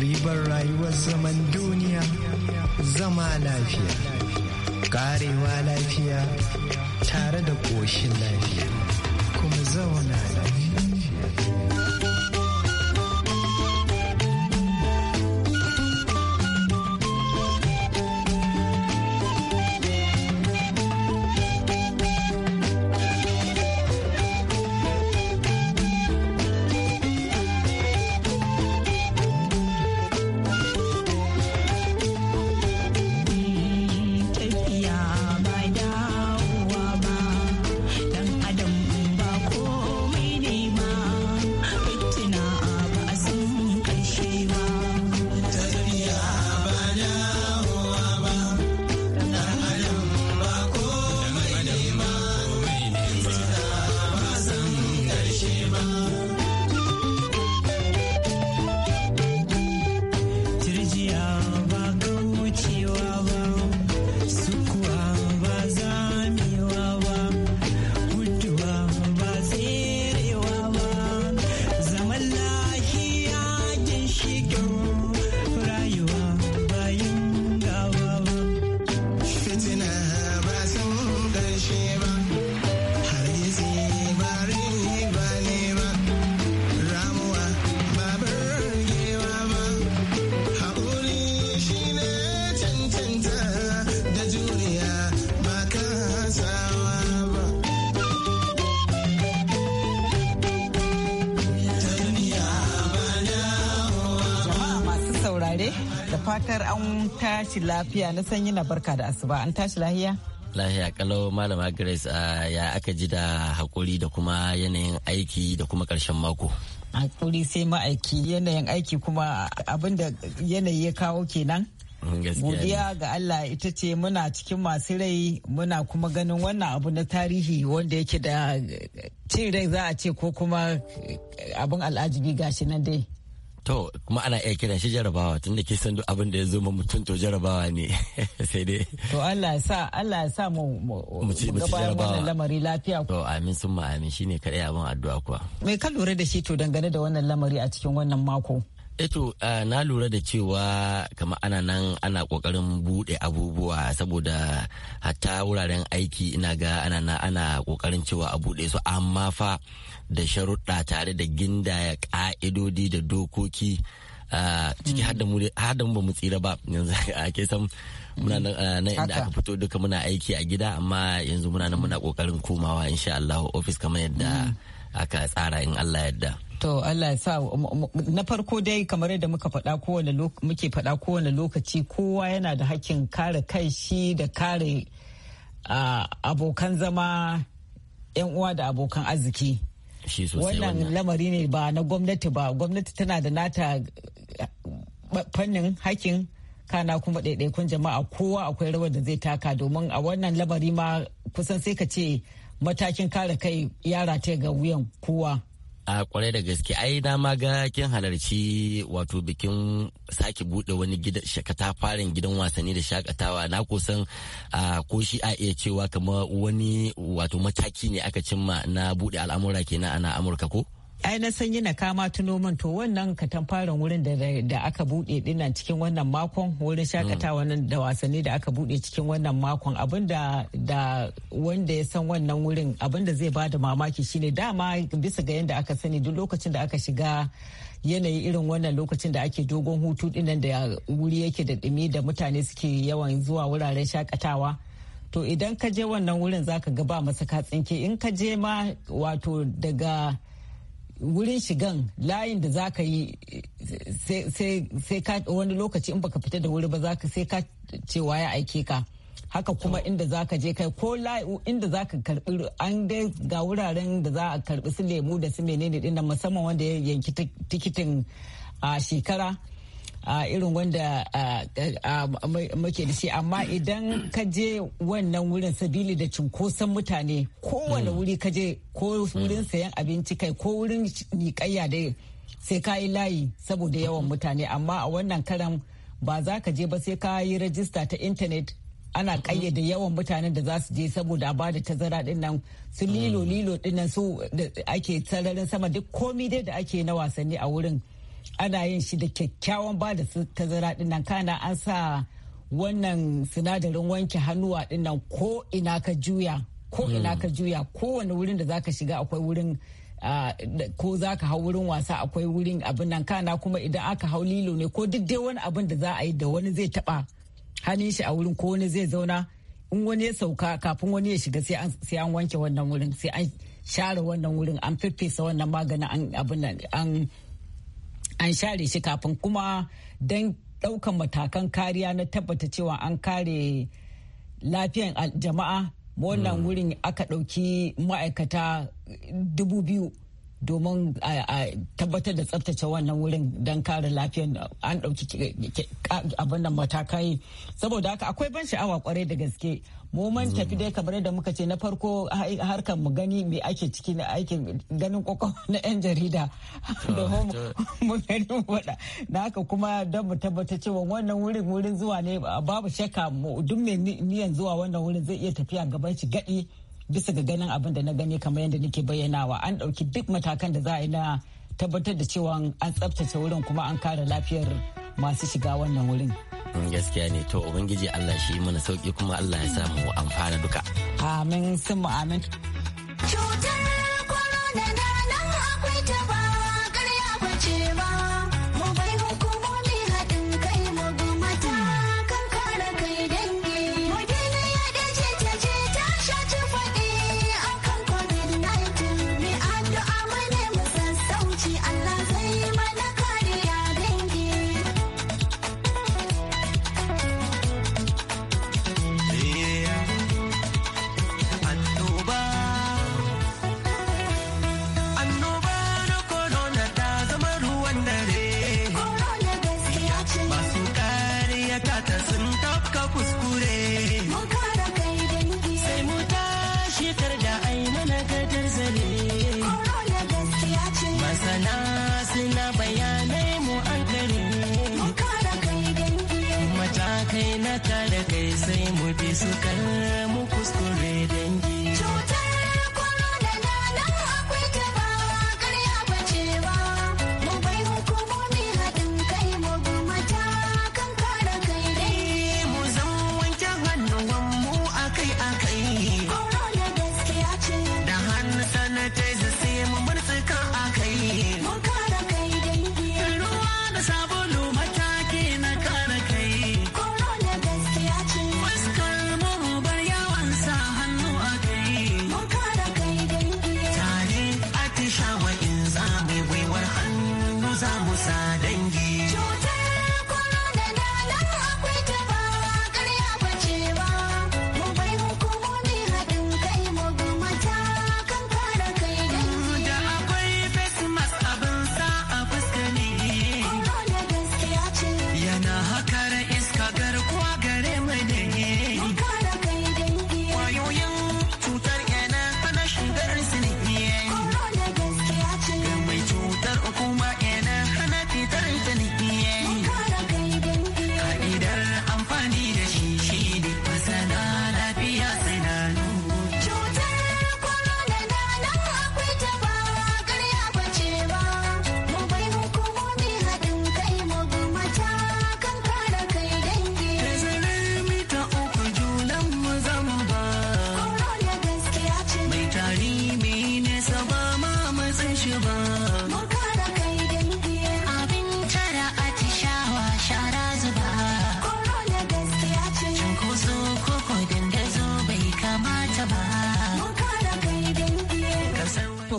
ribar rayuwar zaman duniya zama lafiya karewa lafiya tare da ƙoshin lafiya kuma zauna lafiya fatar an tashi lafiya na sanyi na barka da asuba an tashi lahiya lahiya kalau malama grace ya aka ji da hakuri da kuma yanayin aiki da kuma karshen mako hakuri sai ma'aiki yanayin aiki kuma abinda yanayi ya kawo kenan mm, godiya ga Allah ita ce muna cikin masu rai muna kuma ganin wannan abu na tarihi wanda yake da cin rai za a ce ko kuma abin al'ajibi gashi nan dai To kuma ana iya kiran shi jarabawa tun da kisan duk abin da ya zo ma mutum to jarabawa ne sai dai. To Allah ya sa Allah ya sa mu mu ci jarabawa. lamari lafiya. To amin sun ma amin shine kadai abin addu'a kuwa. Me ka lura da shi to dangane da wannan lamari a cikin wannan mako? eto eh uh, na lura da cewa kamar ana nan ana kokarin bude abubuwa saboda hatta wuraren aiki ina ga ana na ana kokarin cewa a bude su amma fa da sharuɗa tare da gindaya ƙa'idodi da dokoki ciki har da mu ba mu tsira ba yanzu ake san muna nan inda aka fito duka muna aiki a gida amma yanzu muna nan muna ƙoƙarin komawa insha Allah ofis kamar yadda mm. aka tsara in Allah yadda To Allah ya sa na farko dai kamar yadda muka faɗa kowane muke faɗa kowane lokaci kowa yana da hakkin kare kai shi da kare abokan zama 'yan uwa da abokan arziki. wannan lamari ne ba na gwamnati ba gwamnati tana da nata eh, fannin hakin kana kuma ɗaiɗaikun jama'a kowa akwai rawar da zai taka domin a wannan lamari ma kusan sai ka ce matakin kare kai yara ta ga wuyan kowa a kwarai da gaske ai na ma ga kin halarci wato bikin sake bude wani shakata farin gidan wasanni da shakatawa na kusan a ko shi a iya cewa kamar wani wato mataki ne aka cimma na bude al'amura kenan ana amurka ko ai na san yana kama tuno min to wannan katamfarin wurin da aka bude dinnan cikin wannan makon wurin shakatawa nan da wasanni da aka bude cikin wannan makon abinda da wanda ya san wannan wurin abinda zai bada mamaki shine dama bisa ga yadda aka sani duk lokacin da aka shiga yanayi irin wannan lokacin da ake dogon hutu dinnan da wuri yake da dumi da mutane suke yawan zuwa wuraren shakatawa to idan ka je wannan wurin zaka ga ba masaka tsinke in ka je ma wato daga wurin shigan layin da za ka yi sai ka wani lokaci in baka fita da wuri ba za ka sai ka cewa ya aike ka haka kuma inda za ka je kai ko inda za ka karbi an dai ga wuraren da za a karbi su lemu da su menene din musamman wanda ya yanki tikitin a shekara a irin wanda muke da shi amma idan ka je wannan wurin sabili da cunkoson mutane kowane mm. wuri ka je ko wurin mm. sayan abinci kai ko wurin niƙayya dai sai ka yi layi saboda yawan mutane amma a wannan karan ba za ka je ba sai ka yi rajista ta intanet ana kayyade yawan mutanen da za su je saboda a bada tazara din nan su lilo lilo mm. din nan su ake sararin sama duk komi dai da ake na wasanni a wurin ana yin shi da kyakkyawan ba da tazara nan kana an sa wannan sinadarin wanke hannuwa nan ko ina ka juya ko ina hmm. ka juya kowane wurin da zaka shiga akwai wurin ko za hau wurin wasa akwai wurin abin nan kana kuma idan aka hau lilo ne ko duk dai wani abin da za a yi da wani zai taba hannun shi a wurin ko wani zai zauna in wani ya sauka kafin wani ya shiga sai an wanke wannan wurin sai an share wannan wurin an fiffesa wannan maganin an abin nan an an share shi kafin kuma don ɗaukan matakan kariya na tabbata cewa an kare lafiyan jama'a wannan hmm. wurin aka ɗauki ma'aikata dubu biyu domin a tabbatar da tsabtace wannan wurin don kare lafiyar an ɗauki abin nan matakai saboda haka akwai ban sha'awa kwarai da gaske mu man tafi dai kamar yadda muka ce na farko harkar mu gani me ake ciki na aikin ganin kokon na yan jarida da mu gani wada na haka kuma don mu tabbata cewa wannan wurin wurin zuwa ne babu shakka duk mai niyan zuwa wannan wurin zai iya tafiya gaban shi gadi bisa ga ganin abin da na gani kamar yadda nake bayyanawa an ɗauki duk matakan da za a yi na tabbatar da cewa an tsabtace wurin kuma an kare lafiyar masu shiga wannan wurin. Mm, gaskiya ne to ubangiji Allah shi mana sauki kuma Allah ya samu amfana duka. Amin sun mu amin.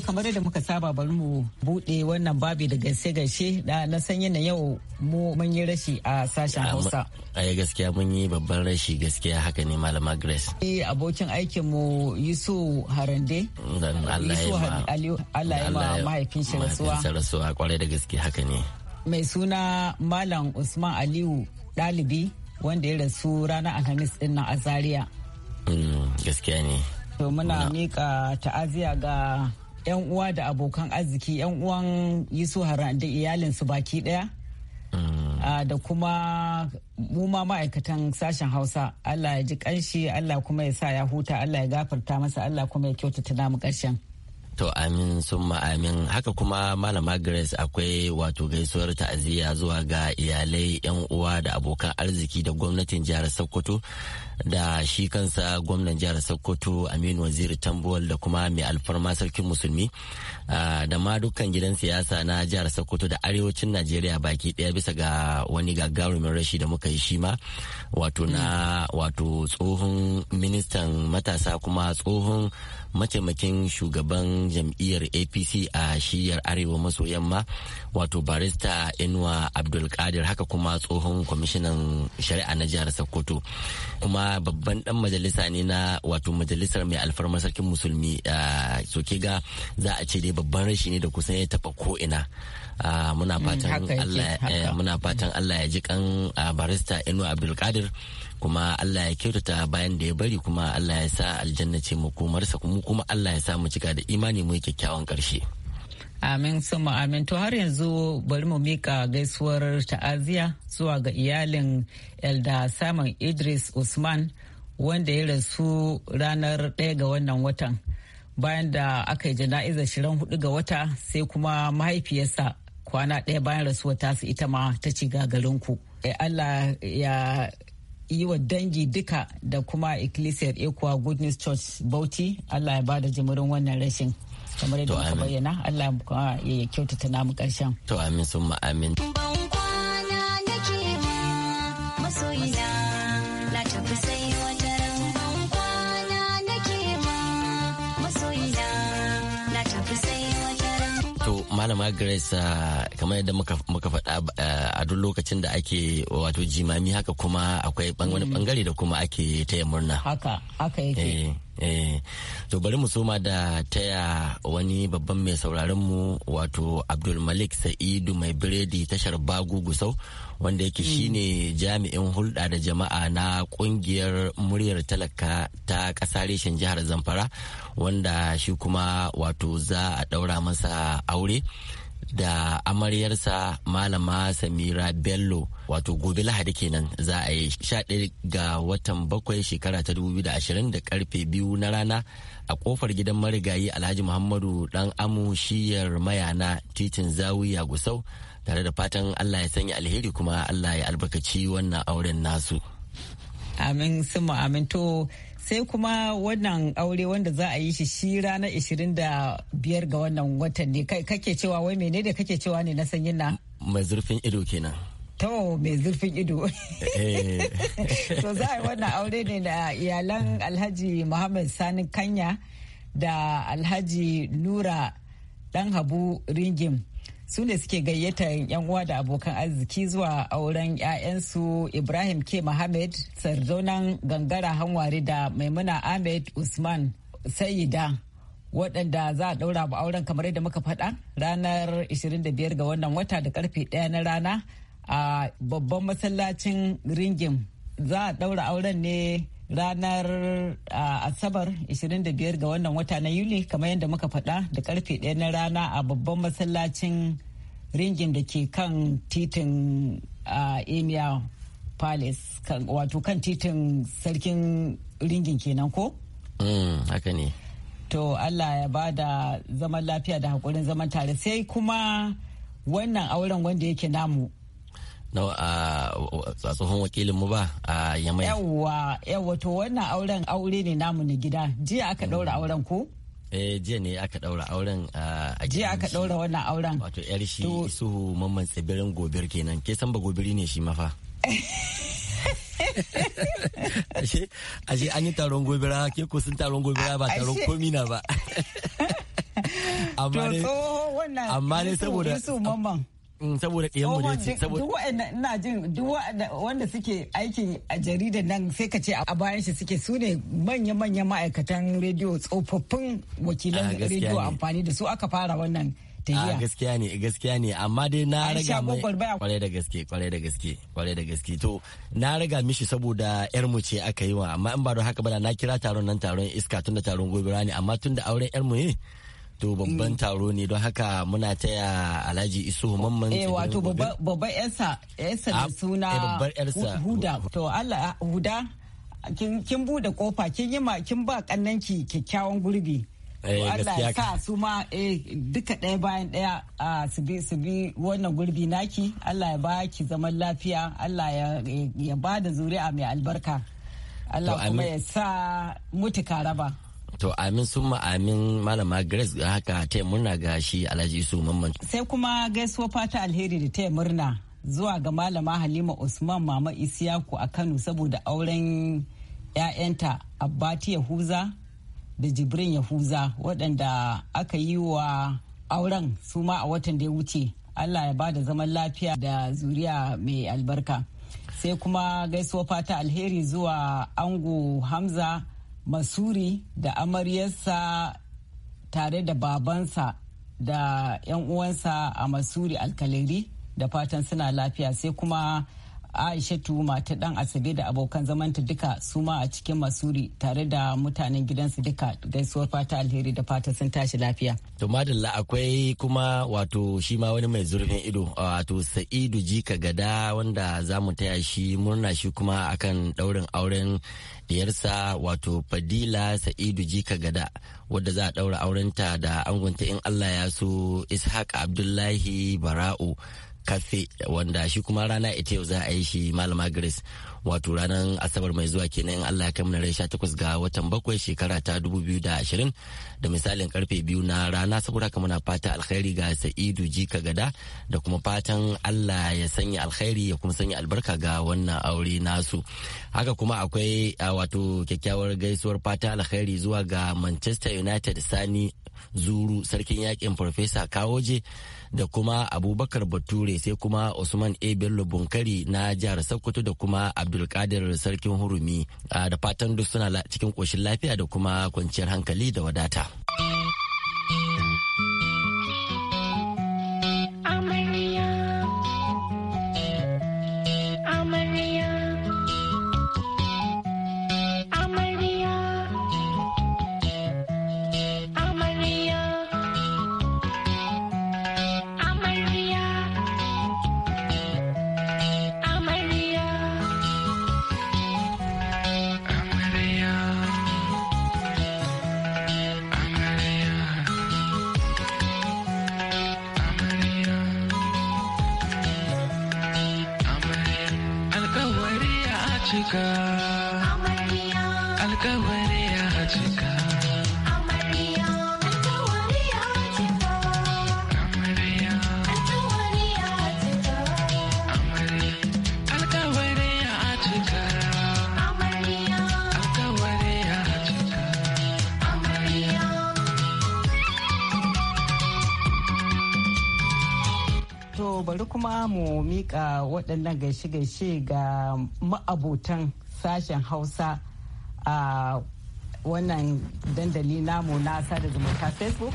kamar yadda muka saba bari mu Bude wannan babi da gaishe-gaishe da na san yana yau mu mun yi rashi a sashen Hausa. Ai gaskiya mun yi babban rashi gaskiya haka ne malama Grace. Eh abokin aikin mu Yusu Harande. Dan Allah ya ma mahaifin shi rasuwa. Mahaifin rasuwa kwarai da gaske haka ne. Mai suna Malam Usman Aliyu ɗalibi wanda ya rasu ranar Alhamis din nan a Zaria. Hmm, gaskiya ne. To muna mika ta'aziya ga 'yan uwa da abokan arziki 'yan uwan Yusuf Haran da iyalinsu baki daya. Ah. Ah, da kuma mu ma ma'aikatan sashen hausa allah ya ji kanshi allah kuma ya sa ya huta allah ya gafarta masa allah kuma ya kyautata namu karshen. To amin sun amin haka kuma malama Grace akwai wato gaisuwar ta'aziyya zuwa ga iyalai yan uwa da abokan arziki da gwamnatin jihar Sokoto da shi kansa gwamnan jihar Sokoto Aminu Waziri Tambuwal da kuma mai alfarma sarkin musulmi da ma dukkan gidan siyasa na jihar Sokoto da arewacin Najeriya baki daya bisa ga wani gagarumin rashi da muka yi shi ma wato na wato tsohon ministan matasa kuma tsohon mataimakin shugaban jam'iyyar apc a shiyar arewa maso yamma wato barista inuwa abdulkadir haka kuma tsohon kwamishinan shari'a na jihar sokoto kuma babban dan majalisa ne na wato majalisar mai alfarmar sarkin musulmi a soke za a ce dai babban rashi ne da kusan ya taba ko'ina Ah, mm, eh, muna fatan Allah ya ji kan ah, barista Inu Abdulkadir kuma Allah ya kyautata bayan da ya bari kuma Allah ya sa aljanna ce makomarsa kuma kuma Allah ya sa mu cika da imani mu kyakkyawan karshe. Amin suma amin to har yanzu bari mu mika gaisuwar ta'aziya zuwa ga iyalin Elda Saman Idris Usman wanda ya rasu ranar ɗaya ga wannan watan. Bayan da aka yi jana'izar shirin hudu ga wata sai kuma mahaifiyarsa kwana ɗaya bayan rasuwar tasu ita ma ta ci gagarinku eh, Allah ya yi wa dangi duka da kuma ecclesiar ekuwa good news church bauti Allah ya ba da jimirin wannan rashin kamar yadda ka bayyana Allah ya kyautata namu karshen to amin sun amin malama grace ah, kamar yadda muka faɗa ah, a duk lokacin da ake wato jimami haka kuma akwai wani bangare mm. da kuma ake taya murna haka haka yake eh, eh. to bari mu soma da taya wani babban mai sauraron mu wato abdul malik sa'idu mai biredi tashar bagu gusau wanda yake mm. shine jami'in hulɗa da jama'a na kungiyar muryar talaka ta ƙasa reshen jihar zamfara wanda shi kuma wato za a ɗaura masa aure da amaryarsa malama samira bello wato gobe lahadi kenan za a yi 11 ga watan bakwai shekara ta 2020 da karfe biyu na rana a kofar gidan marigayi alhaji muhammadu dan amu shiyar mayana titin zawiya gusau tare da fatan allah ya sanya alheri kuma allah ya albarkaci wannan auren nasu amin sumu amin to sai kuma wannan aure wanda za a yi shi shi ranar 25 ga wannan watan ne kake cewa wai menene kake cewa ne na sanyin na mai zurfin ido kenan tawo mai zurfin ido. so eh. za a yi wannan aure ne da iyalan Alhaji Muhammad Sani Kanya da Alhaji Nura Dan Habu Ringim. su ne suke gayyata 'yan uwa da abokan arziki zuwa auren 'ya'yansu ibrahim k mohammed sarzonan gangara hanwari da maimuna ahmed usman sayida waɗanda za a ɗaura ba auren kamar da muka faɗa ranar 25 ga wannan wata da karfe 1 na rana a babban masallacin ringin za a ɗaura auren ne ranar asabar 25 ga wannan wata na yuli kamar yadda muka faɗa da karfe ɗaya na rana a babban masallacin ringin da ke kan titin emir palace wato kan titin sarkin ringin kenan ko? Mm, haka ne to allah ya ba da zaman lafiya da haƙurin zaman tare sai kuma wannan auren wanda yake namu a tsohon wakilin mu ba a yamai yawwa yawwa to wannan auren aure ne namu na gida jiya aka daura mm. auren ko eh jiya ne aka daura auren a jiya aka daura wannan auren wato yar shi isuhu mamman tsibirin gobir kenan ke san ba gobiri ne shi mafa ashe an yi taron gobira ke ko sun taron gobira ba taron na ba amma ne saboda Mm, saboda ɗiyan mu ne saboda duk wanda ina jin duk wanda suke aikin a jarida nan sai ka ce a bayan shi suke su ne manya manya ma'aikatan rediyo tsofaffin wakilan ah, rediyo amfani da su aka fara wannan tahiya. A ah, gaskiya ne, gaskiya ne, amma dai na raga mai kwarai da gaske, kwarai da gaske, kwarai da gaske. To, na raga mishi saboda yar mu ce aka yi wa, amma in ba don haka ba na kira taron nan taron iska tunda taron gobe ne, amma tunda auren yar mu ne. to babban mm. taro ne don haka muna taya alhaji isu mamman eh wato babban yarsa yarsa da ah, suna eh, huda to Allah huda kin bude kofa kin yi ma kin ba kannanki kyakkyawan gurbi eh, Allah ya sa su ma eh, duka ɗaya bayan ɗaya su bi su bi wannan gurbi naki Allah ya ba ki zaman lafiya Allah ya ba da zuri'a mai albarka Allah kuma ya sa mutu karaba. to amin sun amin malama grace ga haka taya murna ga shi alhaji su mamman sai kuma gaisuwa fata alheri da taya murna zuwa ga malama halima usman mama isiyaku a kano saboda auren 'ya'yanta abbati yahuza da jibrin yahuza waɗanda aka yi wa auren su ma a watan da ya wuce allah ya bada zaman lafiya da zuriya mai albarka sai kuma gaisuwa fata alheri zuwa ango hamza masuri da amaryarsa tare da babansa da 'yan uwansa a masuri alkaliri da fatan suna lafiya sai kuma aishatu mata dan asabe da abokan zamanta duka su ma a cikin masuri tare da mutanen gidansu duka gaisuwar fata alheri da fata sun tashi lafiya to madalla akwai kuma wato shi ma wani mai zurfin ido wato sa'idu jika gada wanda za mu taya shi murna shi kuma akan daurin auren diyarsa wato fadila sa'idu jika gada wadda za a daura aurenta da angonta in allah ya so ishaq abdullahi bara'u kafe wanda shi kuma rana ita yau za a yi shi malama grace wato ranar asabar mai zuwa kenan allah ya mana rai takwas ga watan bakwai shekara ta dubu biyu da ashirin da misalin karfe biyu na rana saboda haka muna fata alkhairi ga sa'idu jika gada da kuma fatan allah ya sanya alkhairi ya kuma sanya albarka ga wannan aure nasu haka kuma akwai wato kyakkyawar gaisuwar fata alkhairi zuwa ga manchester united sani zuru sarkin yakin farfesa kawoje da kuma abubakar bature sai kuma usman a bello bunkari na jihar sokoto da kuma abdulkadir sarkin hurumi ah, da fatan duk suna cikin koshin lafiya da kuma kwanciyar hankali da wadata. miƙa waɗannan gaishe-gaishe ga ma'abotan sashen hausa a wannan dandali namu na sada zumunta facebook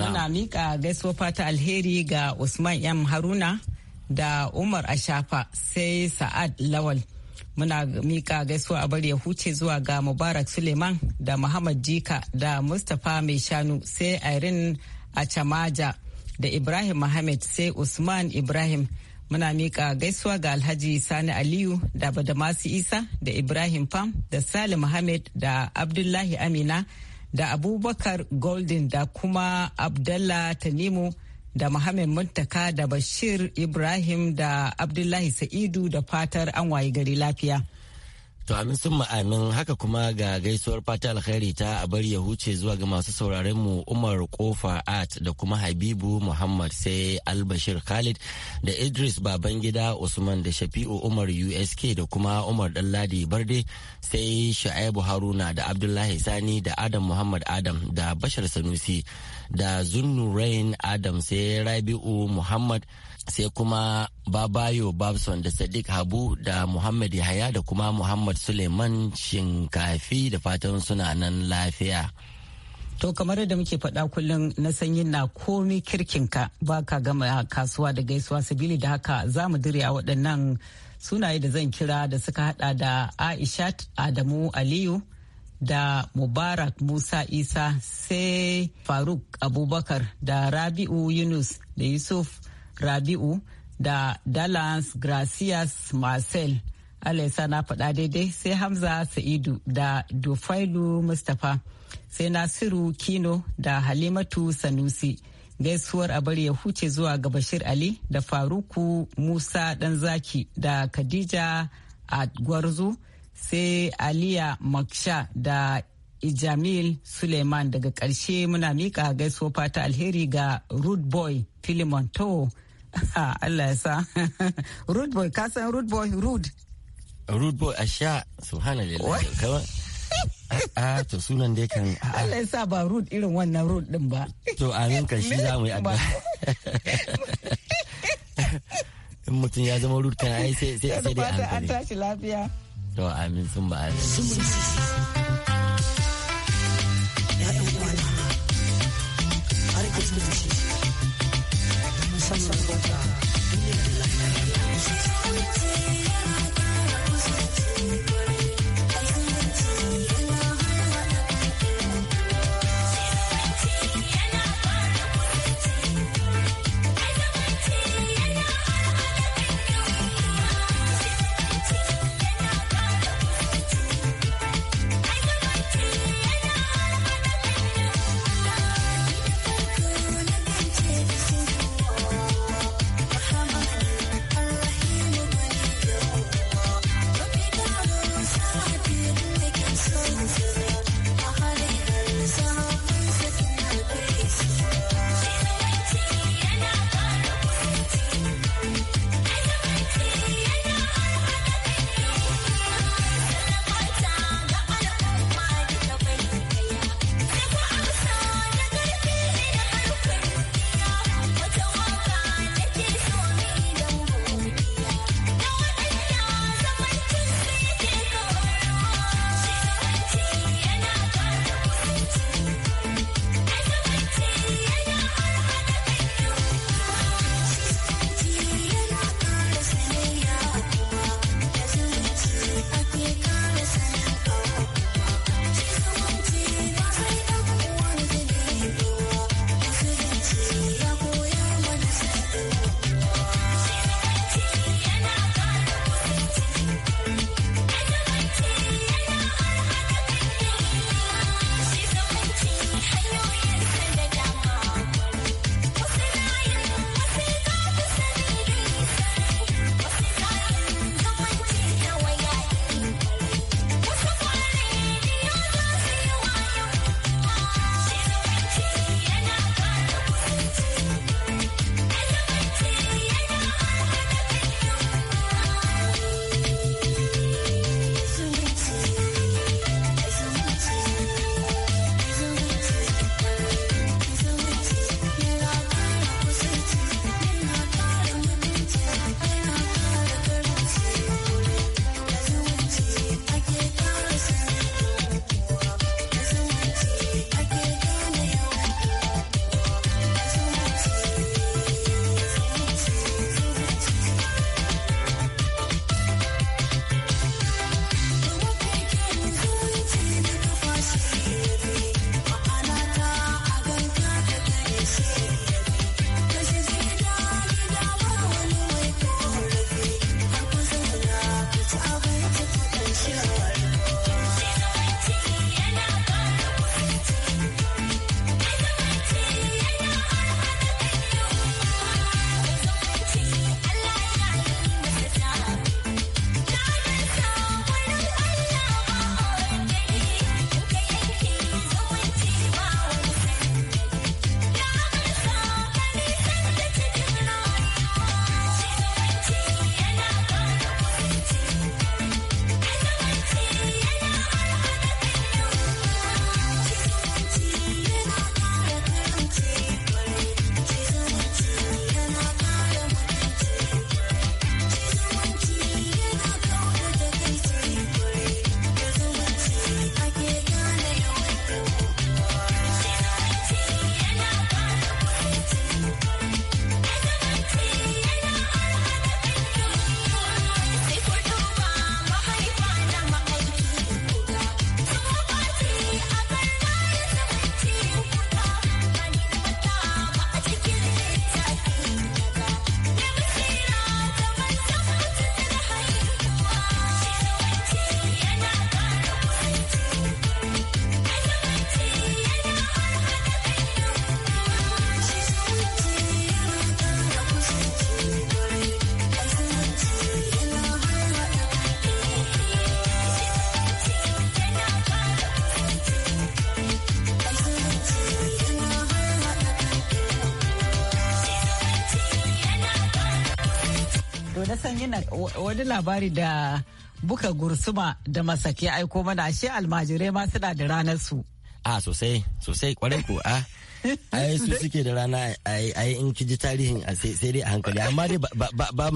muna miƙa gaisuwa fata alheri ga usman m haruna da umar ashafa sai sa'ad lawal muna mika gaisuwa a bari ya huce zuwa ga mubarak suleiman da muhammad jika da mustapha mai shanu sai irin a chamaja da Ibrahim Mohammed sai Usman Ibrahim muna miƙa gaisuwa ga Alhaji Sani Aliyu da Badamasi Isa da Ibrahim Pam da Salim Mohammed da Abdullahi Amina da Abubakar Golden da kuma Abdallah Tanimu da Mohammed Muntaka da Bashir Ibrahim da Abdullahi Sa'idu da fatar an waye gari lafiya. To amin sun ma'amin haka kuma ga gaisuwar fata alkhairi ta a bari ya huce zuwa ga masu sauraren mu Umar Kofa Art da kuma Habibu Muhammad sai Albashir Khalid da Idris Babangida Usman da Shafi'u Umar USK da kuma Umar Ɗanladi Barde sai Sha'ibu Haruna da Abdullahi Sani da Adam Muhammad Adam da Bashar Sanusi da Rain Adam sai Rabi'u Muhammad sai kuma babayo babson da sadiq habu da muhammad yahaya da kuma muhammad suleiman shinkafi da fatan suna nan lafiya to kamar yadda muke faɗa kullum na sanyi na komi kirkinka ba ka gama kasuwa da gaisuwa sabili da haka za mu dire a waɗannan sunaye da zan kira da suka hada da aishat adamu aliyu da mubarak musa isa sai faruk abubakar da rabi'u yunus da yusuf rabi'u da dallas gracias marcel alaisa na faɗa daidai sai hamza sa'idu da dufailu mustapha sai nasiru kino da halimatu sanusi gaisuwar a bari ya huce zuwa ga bashir ali da faruku musa danzaki da khadija agwarzu sai aliya maksha da ijamil suleiman daga ƙarshe muna miƙa gaisuwar fata alheri ga rude boy filimon to Ah, Allah ya sa. Rude boy, ka san rude boy, rude. Rude boy a sha, subhanallah. A ah, ah, to sunan dai kan. Allah ya sa ba rude irin wannan rude din ba. To amin kan shi za mu yi addu'a. In mutum ya zama rude kan ai sai sai sai dai an tashi lafiya. To amin sun ba amin. Thank you. wani labari da buka gursuma da masake aiko mana ashe almajirai ma suna da ranar su. A sosai sosai kwarai ko a ai su suke da rana ai in ki ji tarihin sai dai a hankali amma dai ba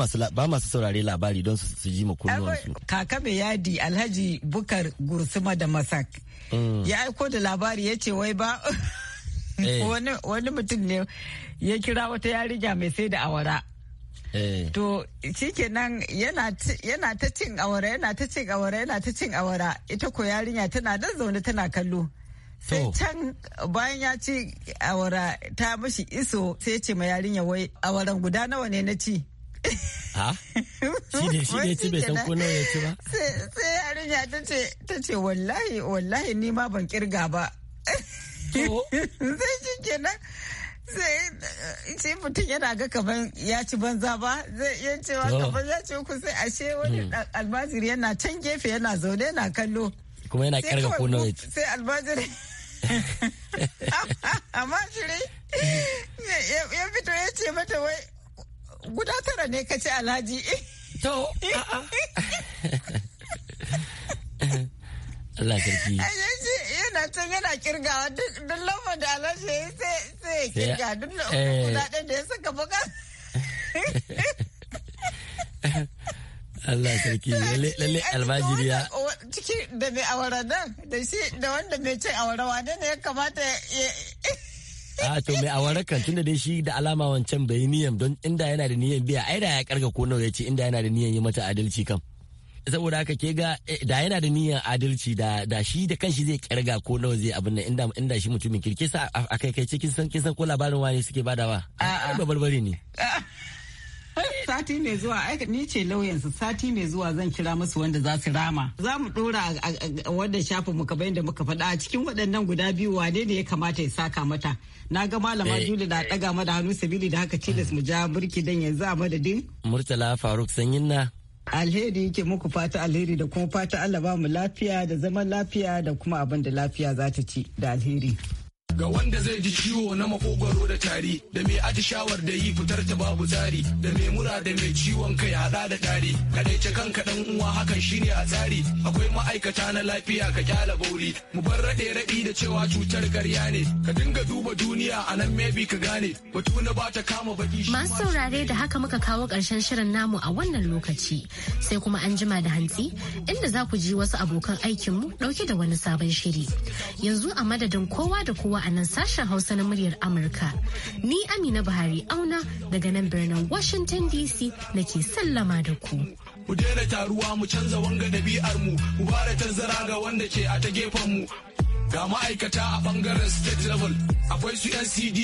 masu saurare labari don su ji makunuwansu. Kaka mai yadi Alhaji Bukar Gursuma da Masak mm. ya aiko da labari ya ce wai ba eh. wani mutum ne ya kira wata yarinya mai sai da awara. Eh. To shikenan yana ta cin awara yana ta cin awara yana ta cin awara ita ko yarinya tana dan zaune tana kallo. Sai can bayan ya ci awara ta mashi iso sai ce ma yarinya wai awaran guda nawa ne na ci. Ha? Shi ne shi ne ci bai san ko nawa ya ci ba? Sai yarinya ta ce ta ce wallahi wallahi ni ma ban kirga ba. To. Sai kenan. Eh, sai mutum yana ga kaman ya ci banza ba zai iya cewa oh. kaman ya ci uku sai ashe wani hmm. almajiri yana can gefe yana zaune yana kallo kuma yana karga ko nawa sai almajiri amma shiri ya fito ya ce mata wai guda tara ne ka ci alhaji to Allah sarki. can yana kirgawa duk lamba da alashe sai ya kirga duk eh. kudaden da ya saka baka. Allah sarki lalle ya. Ciki da mai awara nan da shi da wanda mai cin awara wane ne ya kamata ya a ah, to mai awara kan tunda dai shi da alama wancan bai niyan don inda yana da niyan biya ai da ya karga ko nawa ya ce inda yana da niyan yi mata adalci kam. saboda haka ke ga eh, da yana da niyyar adalci da da shi da kanshi zai kirga ko nawa zai abin nan inda shi mutumin kirki sa a kai kai cikin san kin ko labarin wani suke badawa a ba barbare ne sati mai zuwa aika ni ce lauyansa sati mai zuwa zan kira musu wanda za su rama za mu dora wanda shafin muka bayan da muka faɗa a cikin waɗannan guda biyu wane ne ya kamata ya saka mata na ga malama eh. juli da ɗaga mana hannu sabili da haka tilas mu ja birki dan yanzu a madadin murtala faruk sanyin na alheri ke muku fata alheri da kuma fata Allah ba mu lafiya da zaman lafiya da kuma abin da lafiya za ta ci da alheri. ga wanda zai ji ciwo na makogwaro da tari da mai aji shawar da yi fitar ta babu tsari da mai mura da mai ciwon kai hada da tari kadaice kanka dan uwa hakan shine a tsari akwai ma'aikata na lafiya ka kyala bauri mu bar rade radi da cewa cutar karya ne ka dinga duba duniya a nan maybe ka gane batu na ba ta kama baki masu saurare da haka muka kawo karshen shirin namu a wannan lokaci sai kuma an jima da hantsi inda za ku ji wasu abokan aikinmu dauke da wani sabon shiri yanzu a madadin kowa da kowa a nan sashen Hausa na muryar Amurka. Ni Amina Buhari auna daga nan birnin Washington DC nake sallama da ku. Ku daina taruwa mu canza wanga ɗabi'ar mu, ku fara tanzara ga wanda ke a ta gefen mu. Ga ma'aikata a bangaren state level, akwai su 'yan CD